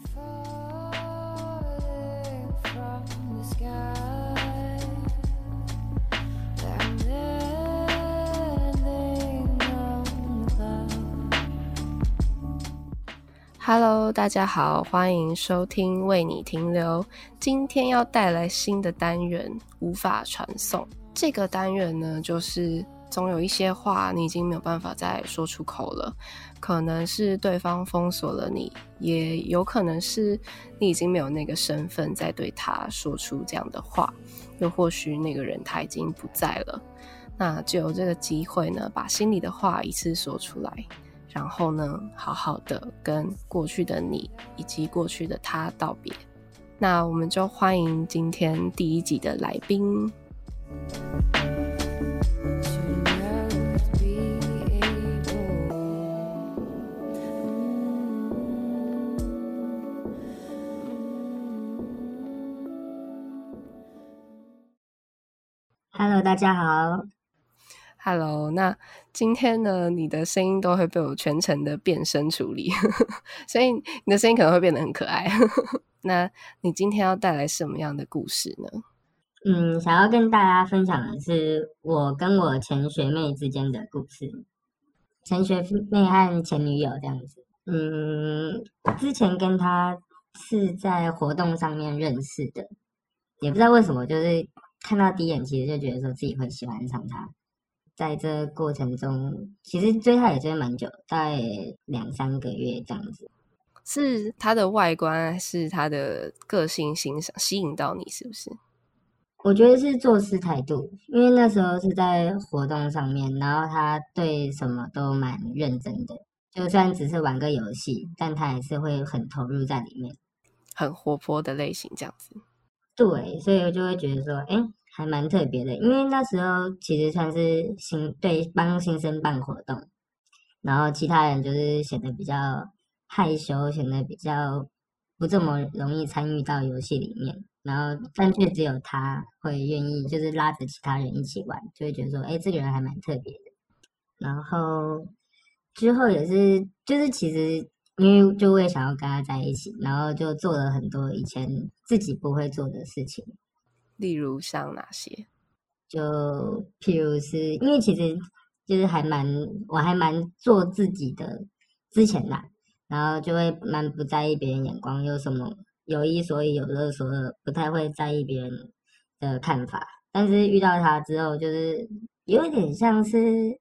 Hello，大家好，歡迎收聽為你停留。今天要帶來新的單元——無法傳送。這個單元呢，就是。總有一些話你已經沒有辦法再說出口了，可能是對方封鎖了你，也有可能是你已經沒有那個身份再對他說出這樣的話，又或許那個人他已經不在了。那就有這個機會呢，把心裡的話一次說出來，然後呢，好好的跟過去的你以及過去的他道別。那我們就歡迎今天第一集的來賓。大家好，Hello，那今天呢，你的聲音都會被我全程的變聲處理，所 以你的聲音可能會變得很可愛。 那你今天要帶來什麼樣的故事呢？嗯，想要跟大家分享的是我跟我前學妹之間的故事，前學妹和前女友這樣子。嗯，之前跟她是在活動上面認識的，也不知道為什麼，就是。看到第一眼，其實就覺得說自己會喜歡上他。在這過程中，其實追他也追蠻久，大概兩三個月這樣子。是他的外觀，是他的個性，欣賞吸引到你，是不是？我覺得是做事態度，因為那時候是在活動上面，然後他對什麼都蠻認真的。就算只是玩個遊戲，但他也是會很投入在裡面，很活潑的類型這樣子。對，所以我就會覺得說，欸，還蠻特別的，因為那時候其實算是新，對，幫新生辦活動，然後其他人就是顯得比較害羞，顯得比較不這麼容易參與到遊戲裡面，然後但卻只有他會願意，就是拉着其他人一起玩，就會覺得說，欸，這個人還蠻特別的。然後之後也是，就是其實。因為就會想要跟他在一起，然後就做了很多以前自己不會做的事情，例如像哪些？就譬如是因為其實就是還蠻，我還蠻做自己的之前啦，然後就會蠻不在意別人眼光，有什麼有一所以有二所以不太會在意別人的看法，但是遇到他之後，就是有點像是。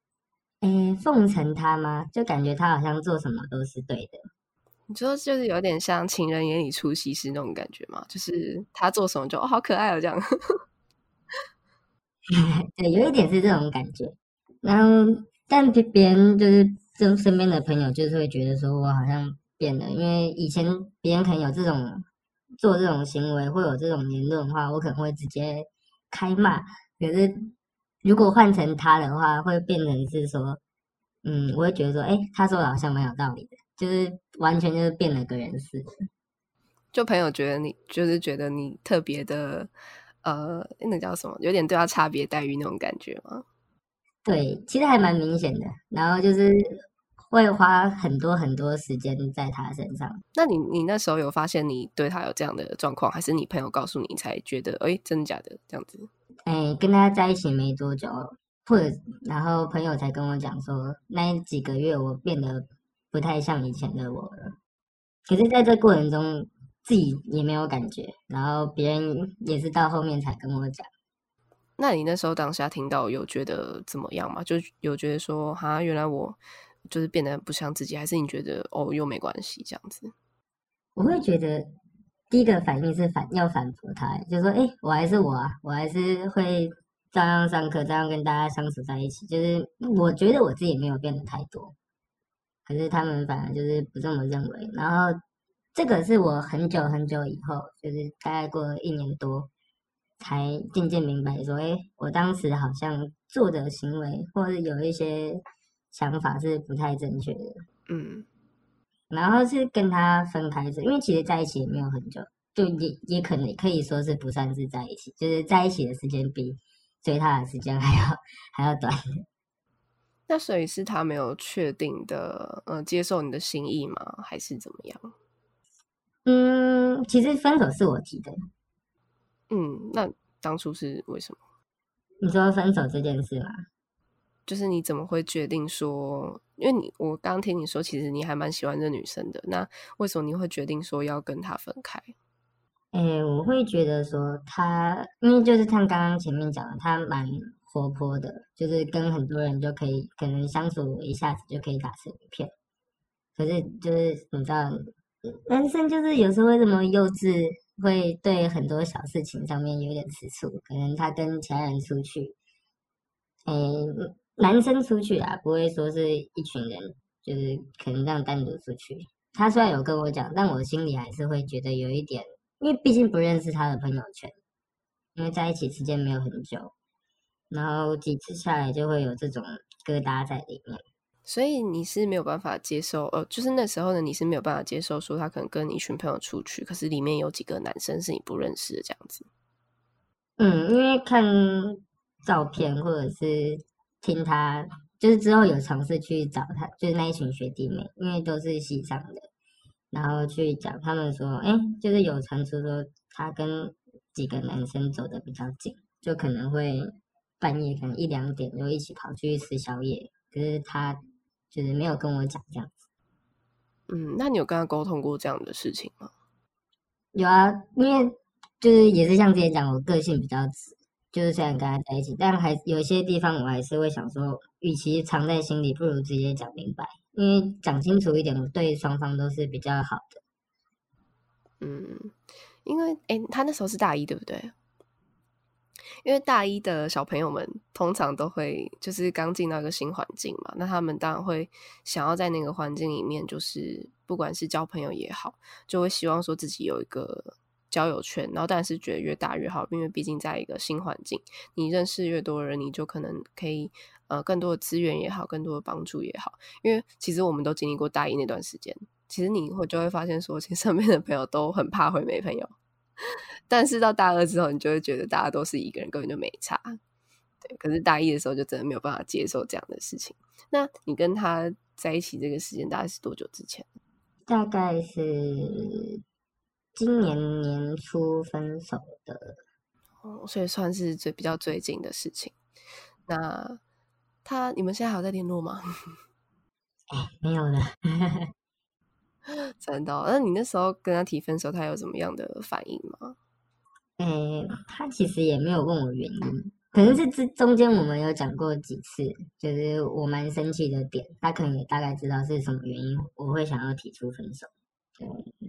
誒，奉承他嗎？就感覺他好像做什麼都是對的。你說就是有點像情人眼裡出西施那種感覺嗎？就是他做什麼就哦，好可愛哦，這樣。 對，有一點是這種感覺。然後，但別別人就是身邊的朋友就是會覺得說我好像變了，因為以前別人可能有這種做這種行為，會有這種言論的話，我可能會直接開罵，可是。如果換成他的話，會變成是說，嗯，我會覺得說，哎、欸，他說的好像蠻有道理的，就是完全就是變了個人似的。就朋友覺得你，就是覺得你特別的，呃，那叫什麼，有點對他差別待遇那種感覺嗎？對，其實還蠻明顯的。然後就是。嗯我也花很多很多時間在他身上。那你你那時候有發現你對他有這樣的狀況，還是你朋友告訴你才覺得誒、欸，真的假的這樣子？哎、欸，跟他在一起沒多久，或者然後朋友才跟我講說，那幾個月我變得不太像以前的我了。可是在這過程中自己也沒有感覺，然後別人也是到後面才跟我講。那你那時候當下聽到有覺得怎麼樣嗎？就有覺得說，哈，原來我。就是變得不像自己，還是你覺得哦，又沒關係這樣子？我會覺得第一個反應是反要反駁他，就是說，哎、欸，我還是我啊，我還是會照樣上課，照樣跟大家相處在一起。就是我覺得我自己沒有變得太多，可是他們反而就是不這麼認為。然後這個是我很久很久以後，就是大概過了一年多，才漸漸明白說，哎、欸，我當時好像做的行為，或是有一些。想法是不太正確的，嗯，然後是跟他分開，是因為其實在一起也沒有很久，就也也可能可以說是不算是在一起，就是在一起的時間比追他的時間還要還要短。那所以是他沒有確定的，呃，接受你的心意嗎？還是怎麼樣？嗯，其實分手是我提的。嗯，那當初是為什麼，你說分手這件事吧？就是你怎麼會決定說？因為你我剛剛聽你說，其實你還蠻喜歡這女生的。那為什麼你會決定說要跟她分開？誒、欸，我會覺得說她，因為就是像剛剛前面講的，她蠻活潑的，就是跟很多人就可以，可能相處一下子就可以打成一片。可是就是你知道，男生就是有時候會這麼幼稚，會對很多小事情上面有點吃醋。可能他跟其他人出去，哎、欸。男生出去啊，不會說是一群人，就是可能這樣單獨出去。他雖然有跟我講，但我心裡還是會覺得有一點，因為畢竟不認識他的朋友圈，因為在一起時間沒有很久，然後幾次下來就會有這種疙瘩在裡面。所以你是沒有辦法接受，呃，就是那時候呢，你是沒有辦法接受說他可能跟你一群朋友出去，可是裡面有幾個男生是你不認識的這樣子。嗯，因為看照片或者是。聽他就是之後有嘗試去找他，就是那一群學弟妹，因為都是系上的，然後去講他們說，哎、欸，就是有傳出說他跟幾個男生走得比較近，就可能會半夜可能一兩點就一起跑去吃宵夜，可是他就是沒有跟我講這樣子。嗯，那你有跟他溝通過這樣的事情嗎？有啊，因為就是也是像之前講，我個性比較直。就是想跟他在一起，但還有些地方我還是會想說，與其藏在心裡，不如直接講明白。因為講清楚一點，對雙方都是比較好的。嗯，因為誒、欸，他那時候是大一，對不對？因為大一的小朋友們通常都會就是剛進到一個新環境嘛，那他們當然會想要在那個環境裡面，就是不管是交朋友也好，就會希望說自己有一個。交友圈，然後但是覺得越大越好，因為畢竟在一個新環境，你認識越多人，你就可能可以呃更多的資源也好，更多的幫助也好。因為其實我們都經歷過大一那段時間，其實你以後就會發現說，其實身邊的朋友都很怕會沒朋友，但是到大二之後，你就會覺得大家都是一個人，根本就沒差。對，可是大一的時候就真的沒有辦法接受這樣的事情。那你跟他在一起這個時間大概是多久之前？大概是。今年年初分手的，哦、嗯，所以算是最比較最近的事情。那他，你們現在還有在聯絡嗎？哎、欸，沒有了。 真的哦？那你那時候跟他提分手，他有什麼樣的反應嗎？哎、欸，他其實也沒有問我原因，可能是這中間我們有講過幾次，就是我蠻生氣的點，他可能也大概知道是什麼原因我會想要提出分手。對，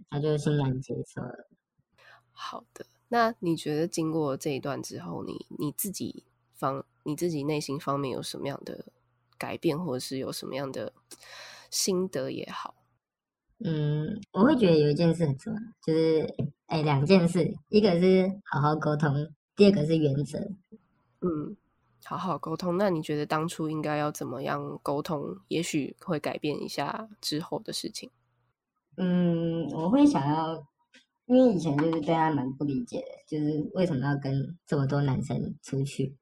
他就是這樣子說。好的，那你覺得經過這一段之後，你你自己方你自己內心方面有什麼樣的改變，或者是有什麼樣的心得也好？嗯，我會覺得有一件事很重要，就是哎、欸，兩件事，一個是好好溝通，第二個是原則。嗯，好好溝通。那你覺得當初應該要怎麼樣溝通？也許會改變一下之後的事情。嗯，我會想要，因為以前就是對他蠻不理解的，就是為什麼要跟這麼多男生出去，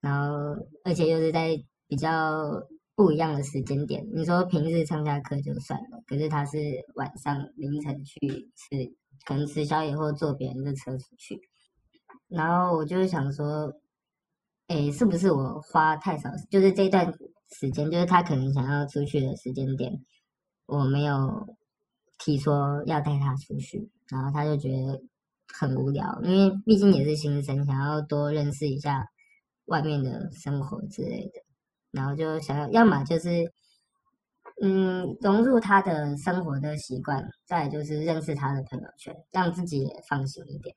然後而且又是在比較不一樣的時間點。你說平日上下課就算了，可是他是晚上凌晨去吃，可能吃宵夜或坐別人的車出去，然後我就是想說，誒、哎，是不是我花太少？就是這段時間，就是他可能想要出去的時間點，我沒有。提出要帶他出去，然後他就覺得很無聊，因為畢竟也是新生，想要多認識一下外面的生活之類的，然後就想要，要麼就是嗯，融入他的生活的習慣，再就是認識他的朋友圈，讓自己也放心一點。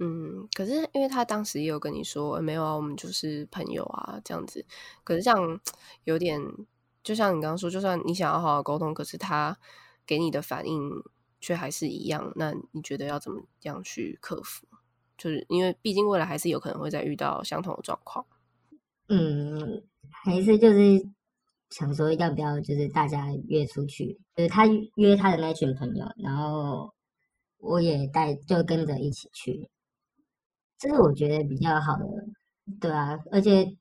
嗯，可是因為他當時也有跟你說，沒有啊，我們就是朋友啊，這樣子。可是這樣有點，就像你剛剛說，就算你想要好好溝通，可是他。給你的反應卻還是一樣，那你覺得要怎麼樣去克服？就是因為畢竟未來還是有可能會再遇到相同的狀況。嗯，還是就是想說要不要就是大家約出去，就是他約他的那群朋友，然後我也帶就跟着一起去，這是我覺得比較好的，對啊，而且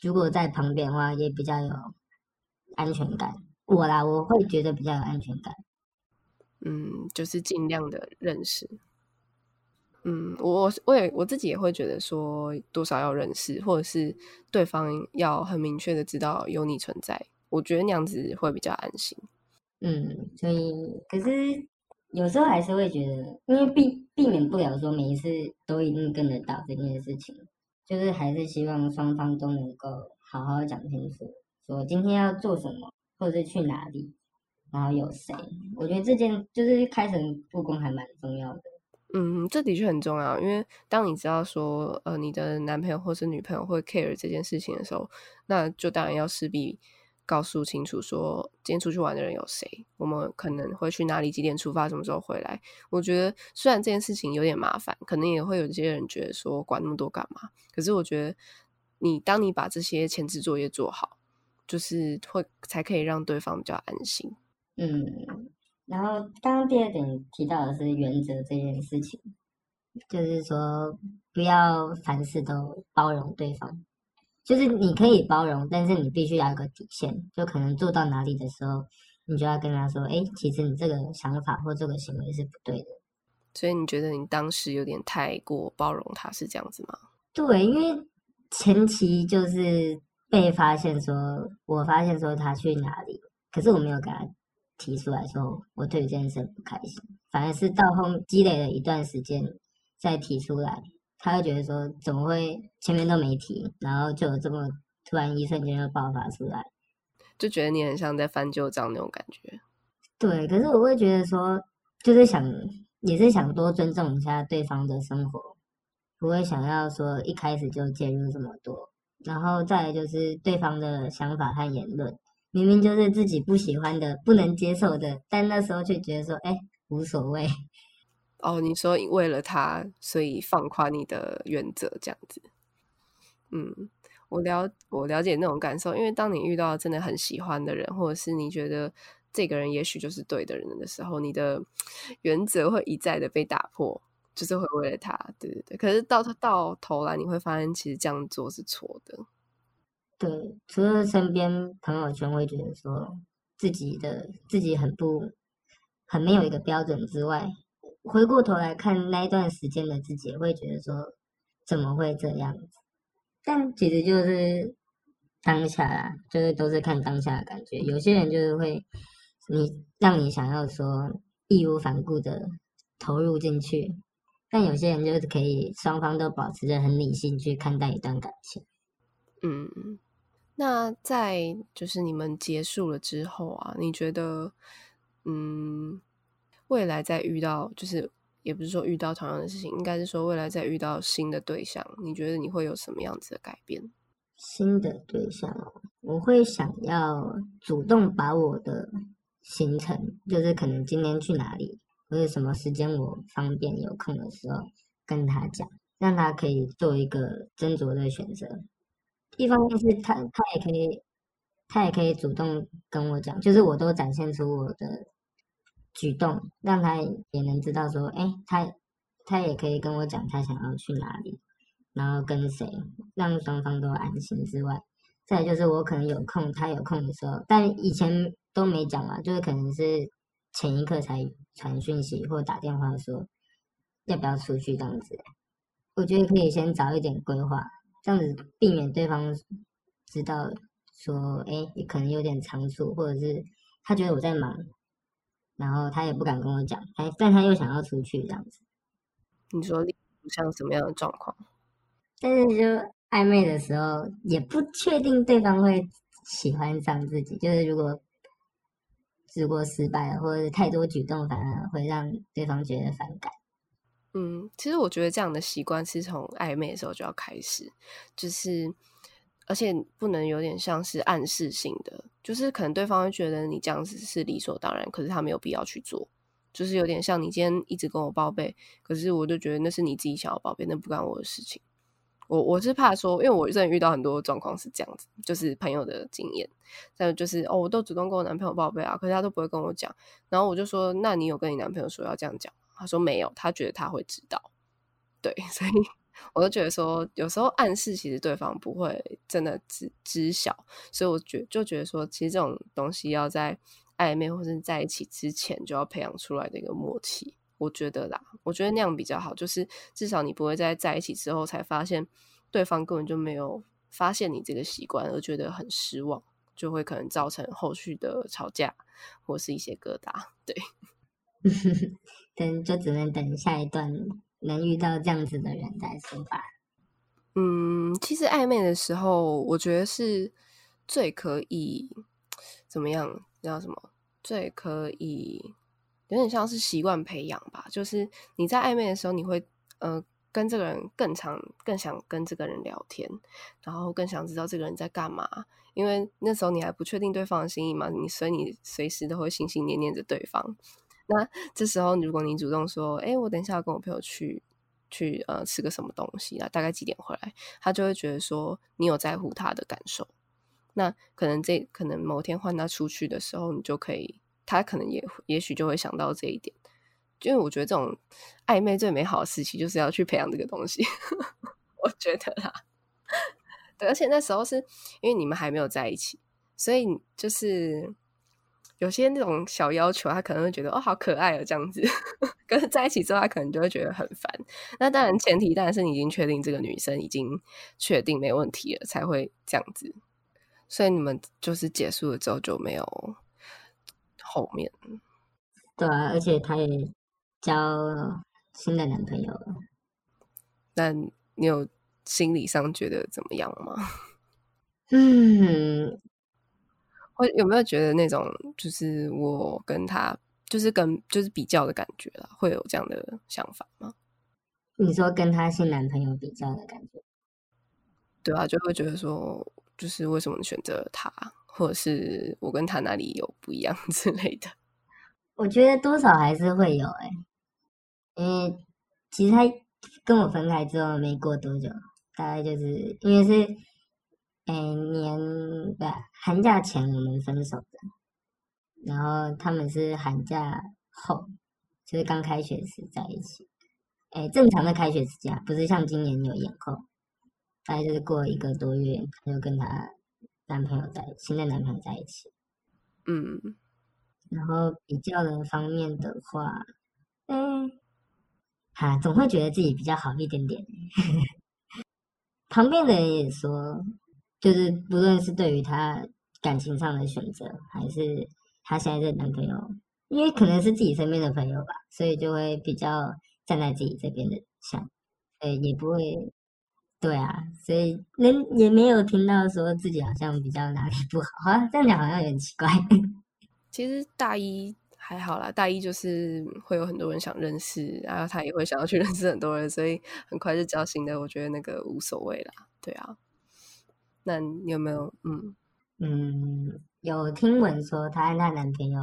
如果在旁邊的話，也比較有安全感。我啦，我會覺得比較有安全感。嗯，就是盡量的認識。嗯，我我也我自己也會覺得說，多少要認識，或者是對方要很明確的知道有你存在，我覺得那樣子會比較安心。嗯，所以可是有時候還是會覺得，因為避避免不了說每一次都一定跟得到這件事情，就是還是希望雙方都能夠好好講清楚，說今天要做什麼，或者去哪裡。然後有誰？我覺得這件就是開誠布公還蠻重要的。嗯，這的確很重要，因為當你知道說，呃，你的男朋友或是女朋友會 care 這件事情的時候，那就當然要勢必告訴清楚說，今天出去玩的人有誰，我們可能會去哪裡，幾點出發，什麼時候回來。我覺得雖然這件事情有點麻煩，可能也會有些人覺得說，管那麼多幹嘛？可是我覺得你，你當你把這些前置作業做好，就是會才可以讓對方比較安心。嗯，然後剛剛第二點提到的是原則這件事情，就是說不要凡事都包容對方，就是你可以包容，但是你必須要有個底線，就可能做到哪裡的時候，你就要跟他說：“哎，其實你這個想法或這個行為是不對的。”所以你覺得你當時有點太過包容他，是這樣子嗎？對，因為前期就是被發現說，我發現說他去哪裡，可是我沒有給他。提出來說，我對於這件事很不開心，反而是到後積累了一段時間再提出來，他會覺得說，怎麼會前面都沒提，然後就有這麼突然一瞬間就爆發出來，就覺得你很像在翻舊賬那種感覺。對，可是我會覺得說，就是想也是想多尊重一下對方的生活，不會想要說一開始就介入這麼多，然後再來就是對方的想法和言論。明明就是自己不喜歡的、不能接受的，但那時候卻覺得說：“哎，無所謂。”哦，你說為了他，所以放寬你的原則這樣子？嗯，我了我了解那種感受，因為當你遇到真的很喜歡的人，或者是你覺得這個人也許就是對的人的時候，你的原則會一再的被打破，就是會為了他，對對對。可是到到頭來，你會發現其實這樣做是錯的。對，除了身邊朋友圈，會覺得說自己的自己很不，很沒有一個標準之外，回過頭來看那一段時間的自己，會覺得說怎麼會這樣子？但其實就是當下啦，就是都是看當下的感覺。有些人就是會你，你讓你想要說義無反顧的投入進去，但有些人就是可以雙方都保持着很理性去看待一段感情。嗯。那在就是你們結束了之後啊，你覺得嗯，未來再遇到，就是也不是說遇到同樣的事情，應該是說未來再遇到新的對象，你覺得你會有什麼樣子的改變？新的對象，我會想要主動把我的行程，就是可能今天去哪裡或者什麼時間我方便有空的時候跟他講，讓他可以做一個斟酌的選擇。一方面是他，他也可以，他也可以主動跟我講，就是我都展現出我的舉動，讓他也能知道說，哎、欸，他他也可以跟我講他想要去哪裡，然後跟誰，讓雙方都安心之外，再來就是我可能有空，他有空的時候，但以前都沒講嘛，就是可能是前一刻才傳訊息或打電話說要不要出去這樣子、欸，我覺得可以先早一點規劃。這樣子避免對方知道說，哎、欸，可能有點倉促，或者是他覺得我在忙，然後他也不敢跟我講，他但他又想要出去這樣子。你說你像什麼樣的狀況？但是就曖昧的時候，也不確定對方會喜歡上自己。就是如果直播失敗了，或者是太多舉動，反而會讓對方覺得反感。嗯，其實我覺得這樣的習慣是從曖昧的時候就要開始，就是而且不能有點像是暗示性的，就是可能對方會覺得你這樣子是理所當然，可是他沒有必要去做，就是有點像你今天一直跟我報備，可是我就覺得那是你自己想要報備，那不關我的事情。我我是怕說，因為我真的遇到很多狀況是這樣子，就是朋友的經驗，但是就是哦，我都主動跟我男朋友報備啊，可是他都不會跟我講，然後我就說，那你有跟你男朋友說要這樣講？他說沒有，他覺得他會知道，對，所以我都覺得說，有時候暗示其實對方不會真的知知曉，所以我覺得就覺得說，其實這種東西要在曖昧或者在一起之前就要培養出來的一個默契，我覺得啦，我覺得那樣比較好，就是至少你不會在在一起之後才發現對方根本就沒有發現你這個習慣，而覺得很失望，就會可能造成後續的吵架或是一些疙瘩，對。但 就只能等下一段能遇到這樣子的人再說吧。嗯，其實曖昧的時候，我覺得是最可以怎麼樣？你知道什麼？最可以有點像是習慣培養吧。就是你在曖昧的時候，你會呃跟這個人更常、更想跟這個人聊天，然後更想知道這個人在幹嘛，因為那時候你還不確定對方的心意嘛。你所以你隨時都會心心念念着對方。那這時候，如果你主動說：“哎，我等一下要跟我朋友去去呃吃個什麼東西啦，大概幾點回來？”他就會覺得說你有在乎他的感受。那可能這可能某天換他出去的時候，你就可以，他可能也也許就會想到這一點。因為我覺得這種曖昧最美好的時期，就是要去培養這個東西， 我覺得啦。 對，而且那時候是因為你們還沒有在一起，所以就是。有些那種小要求，他可能會覺得哦好可愛哦喔這樣子，跟他在一起之後，他可能就會覺得很煩。那當然前提當然是你已經確定這個女生已經確定沒問題了，才會這樣子。所以你們就是結束了之後就沒有後面。對啊，而且他也交新的男朋友了。但你有心理上覺得怎麼樣嗎？嗯。嗯我有沒有覺得那種就是我跟他就是跟就是比較的感覺了？會有這樣的想法嗎？你說跟他新男朋友比較的感覺？對啊，就會覺得說，就是為什麼選擇了他，或者是我跟他哪裡有不一樣之類的。我覺得多少還是會有誒、欸、因為其實他跟我分開之後沒過多久，大概就是因為是。哎，年不、啊、寒假前我們分手的，然後他們是寒假後，就是剛開學時在一起。哎，正常的開學時間，啊，不是像今年有延後，大概就是過了一個多月他就跟他男朋友在新的男朋友在一起。嗯，然後比較的方面的話，哎，哈，總會覺得自己比較好一點點。 旁邊的人也說。就是不論是對於她感情上的選擇，還是她現在的男朋友，因為可能是自己身邊的朋友吧，所以就會比較站在自己這邊的想，呃，也不會，對啊，所以人也沒有聽到說自己好像比較哪裡不好，這樣講好像有點奇怪。其實大一還好啦，大一就是會有很多人想認識，然後她也會想要去認識很多人，所以很快就交心的，我覺得那個無所謂啦，對啊。那你有沒有嗯嗯有聽聞說她和她男朋友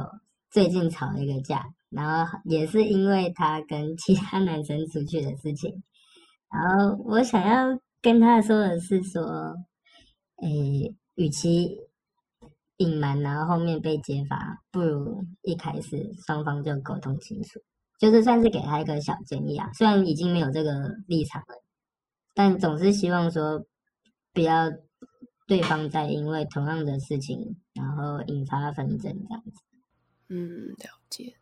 最近吵了一個架，然後也是因為她跟其他男生出去的事情，然後我想要跟她說的是說，誒、欸，與其隱瞞，然後後面被揭發，不如一開始雙方就溝通清楚，就是算是給她一個小建議啊。雖然已經沒有這個立場了，但總是希望說不要。對方在因為同樣的事情，然後引發紛爭這樣子。嗯，了解。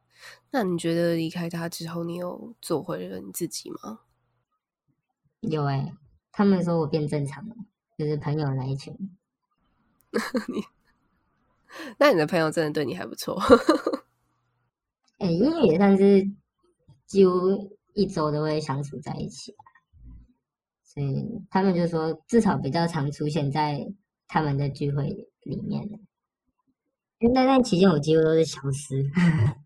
那你覺得離開他之後，你有做回了你自己嗎？有誒、欸、他們說我變正常了，就是朋友來求。 你，那你的朋友真的對你還不錯。誒英語但是就幾乎一周都會相處在一起，啊。所以、嗯、他們就說，至少比較常出現在他們的聚會裡面。因為那段期間我幾乎都是消失。呵呵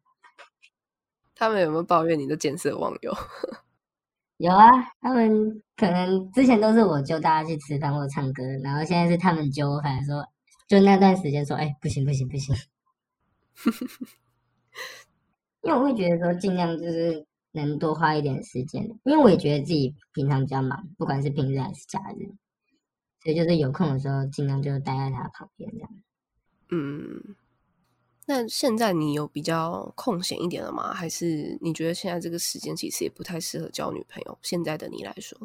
他們有沒有抱怨你的見色忘網友？有啊，他們可能之前都是我揪大家去吃飯或者唱歌，然後現在是他們揪我反，反正說就那段時間說，哎，不行不行不行。不行 因為我會覺得說，盡量就是。能多花一點時間，因為我也覺得自己平常比較忙，不管是平日還是假日，所以就是有空的時候，盡量就待在他旁邊。這樣。嗯，那現在你有比較空閒一點了嗎？還是你覺得現在這個時間其實也不太適合交女朋友？現在的你來說，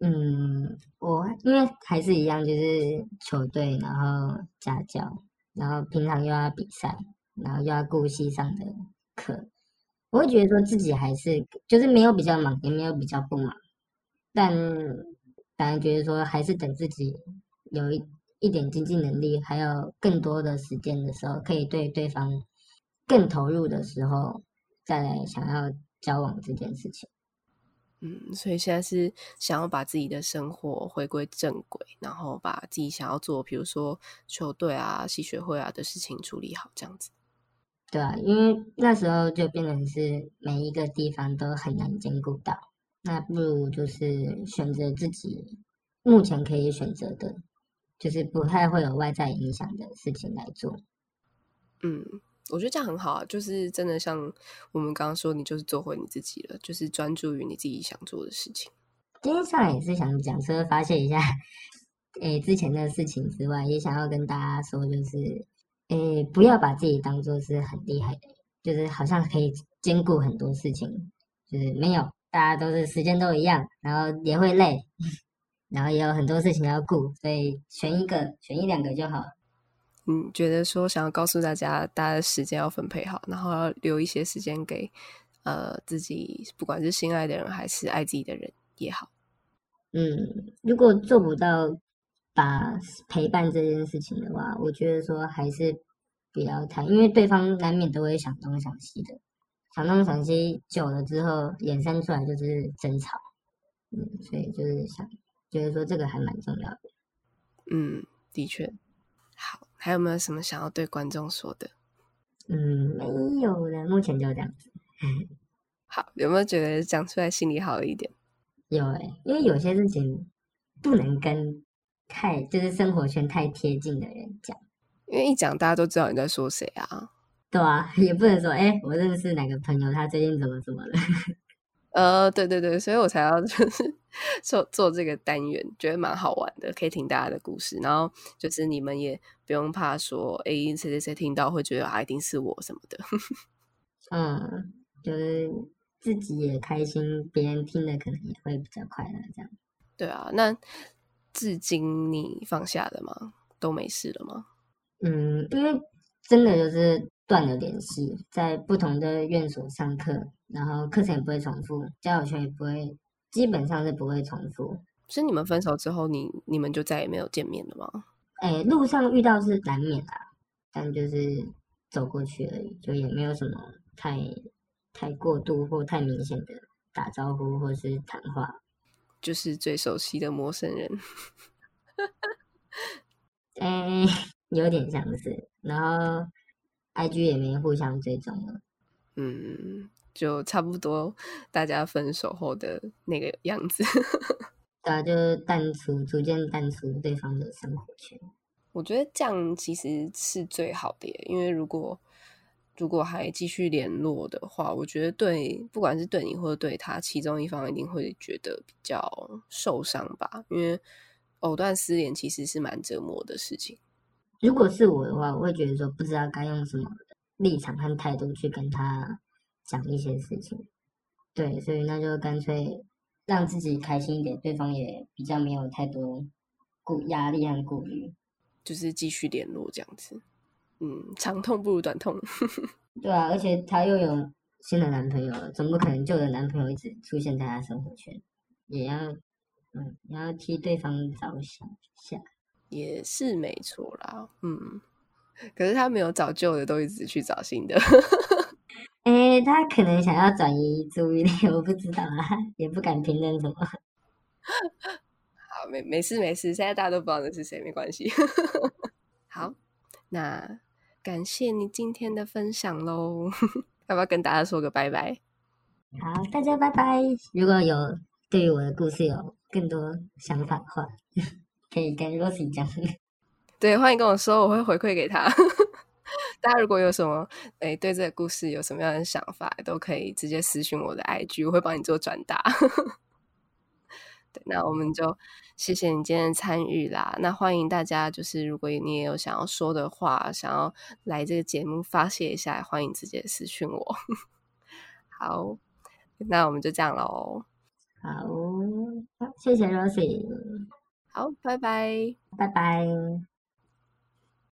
嗯，我因為還是一樣，就是球隊，然後家教，然後平常又要比賽，然後又要顧系上的課。我會覺得說自己還是就是沒有比較忙，也沒有比較不忙，但反正覺得說還是等自己有一一點經濟能力，還有更多的時間的時候，可以對對方更投入的時候，再來想要交往這件事情。嗯，所以現在是想要把自己的生活回歸正軌，然後把自己想要做，比如說球隊啊、系學會啊的事情處理好，這樣子。對啊，因為那時候就變成是每一個地方都很難兼顧到，那不如就是選擇自己目前可以選擇的，就是不太會有外在影響的事情來做。嗯，我覺得這樣很好啊，就是真的像我們剛剛說，你就是做回你自己了，就是專注於你自己想做的事情。今天上來也是想講說，發洩一下，誒、哎，之前的事情之外，也想要跟大家說，就是。哎、嗯，不要把自己當做是很厲害的，就是好像可以兼顧很多事情，就是沒有，大家都是時間都一樣，然後也會累，然後也有很多事情要顧，所以選一個，選一兩個就好。嗯，覺得說想要告訴大家，大家的時間要分配好，然後要留一些時間給，呃，自己，不管是心愛的人還是愛自己的人也好。嗯，如果做不到，把陪伴這件事情的話，我覺得說還是比較難，因為對方難免都會想東想西的，想東想西久了之後，衍生出來就是爭吵。嗯，所以就是想，覺得說這個還蠻重要的。嗯，的確。好，還有沒有什麼想要對觀眾說的？嗯，沒有了，目前就這樣子。嗯 好，有沒有覺得講出來心裡好一點？有哎、欸，因為有些事情不能跟。太，就是生活圈太貼近的人講，因為一講，大家都知道你在說誰啊。對啊，也不能說哎、欸，我認識哪個朋友，他最近怎麼怎麼了。呃，對對對，所以我才要就是做做這個單元，覺得蠻好玩的，可以聽大家的故事，然後就是你們也不用怕說哎，誰誰誰聽到會覺得啊，一定是我什麼的。嗯，就是自己也開心，別人聽了可能也會比較快樂，這樣。對啊，那。至今你放下了嗎？都沒事了嗎？嗯，因為真的就是斷了聯繫，在不同的院所上課，然後課程也不會重複，交友圈也不會，基本上是不會重複。是你們分手之後你，你你們就再也沒有見面了嗎？哎，路上遇到的是難免啦、啊，但就是走過去而已，就也沒有什麼太太過度或太明顯的打招呼或是談話。就是最熟悉的陌生人，哈哈，哎，有點像是，然後，IG 也沒互相追蹤了，嗯，就差不多大家分手後的那個樣子，大 家、對啊、就淡出，逐漸淡出對方的生活圈。我覺得這樣其實是最好的，因為如果如果還繼續聯絡的話，我覺得對，不管是對你或者對他，其中一方一定會覺得比較受傷吧。因為藕斷絲連其實是蠻折磨的事情。如果是我的話，我會覺得說不知道該用什麼立場和態度去跟他講一些事情。對，所以那就乾脆讓自己開心一點，對方也比較沒有太多顧壓力和顧慮，就是繼續聯絡這樣子。嗯，長痛不如短痛。 對啊，而且她又有新的男朋友了，總不可能舊的男朋友一直出現在她生活圈，也要嗯，也要替對方着想一下。也是沒錯啦，嗯。可是她沒有找舊的，都一直去找新的。哎、 欸，她可能想要轉移注意力，我不知道啊，也不敢評論什麼。好，沒，沒事沒事，現在大家都不知道那是誰，沒關係。 那感謝你今天的分享嘍， 要不要跟大家說個拜拜？好，大家拜拜！如果有對於我的故事有更多想法的話，可以跟 Rosie 講。對，歡迎跟我說，我會回饋給他。 大家如果有什麼哎、欸，對這個故事有什麼樣的想法，都可以直接私訊我的 IG，我會幫你做轉達。 對，那我們就。謝謝你今天的參與啦，那歡迎大家，就是如果你也有想要說的話，想要來這個節目發洩一下，歡迎直接私訊我。 好，那我們就這樣嘍。好，謝謝 Rosie。好，拜拜，拜拜。